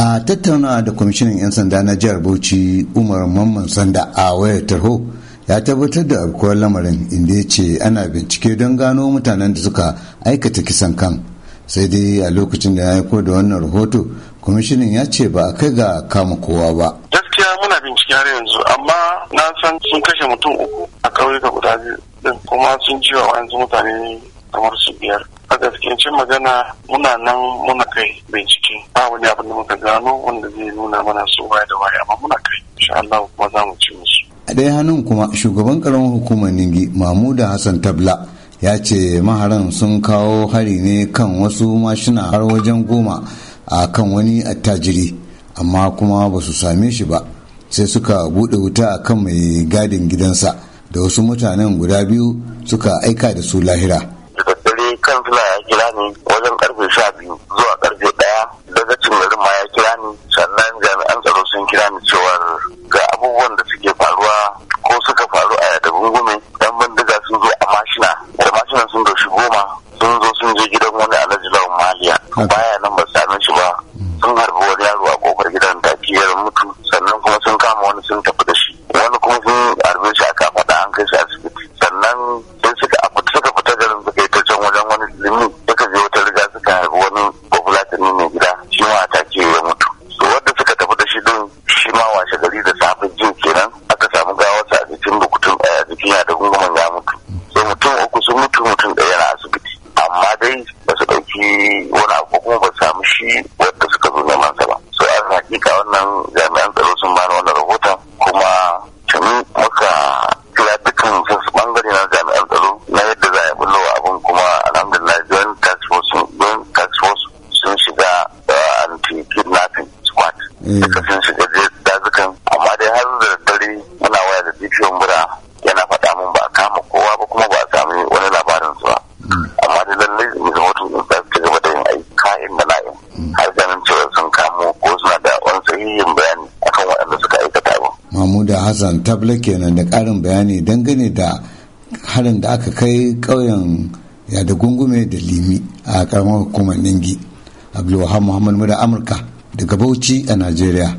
a tattauna da kwamishinan 'yan sanda na jihar bauchi umar mamman sanda a wayar tarho ya tabbatar da abkuwar lamarin inda ya ce ana bincike don gano mutanen da suka aikata kisan kan sai dai a lokacin da ya aiko da wannan rahoto kwamishinan ya ce ba a kai ga kama kowa ba gaskiya muna bincike har yanzu amma na san sun kashe mutum uku a ƙauyuka guda biyu kuma sun ji wa mutane kamar su biyar a gaskiyancin magana muna nan muna kai bincike ba wani abin da muka gano wanda zai nuna mana su waye da waya amma muna kai insha Allah kuma za mu ci musu a dai hannun kuma shugaban karamar hukumar ningi mahmuda hassan tabla ya ce maharan sun kawo hari ne kan wasu mashina har wajen goma a kan wani attajiri amma kuma ba su same shi ba sai suka buɗe wuta a kan mai gadin gidansa da wasu mutanen guda biyu suka aika da su lahira Okay. hakika wannan jami'an tsaro sun bani wannan rahoton kuma tuni muka kira dukkan sassu bangare na jami'an tsaro na yadda za a bullo abin kuma alhamdulillah joint tax force joint tax force sun shiga uh, anti kidnapping squad mm. duka sun shiga dazukan amma dai har da dare muna waya da bidiyon mura yana faɗa mun ba a kama kowa ba kuma ba a sami wani labarin su ba mm. amma dai lallai tun da su ci gaba da yin aiki ka'in da na'in mm. har mahmuda hassan tabla kenan da karin bayani dangane da harin da aka kai ƙauyen yada gungume da limi a karamar hukumar ningi abdulwahab muhammad muda amurka daga bauchi a najeriya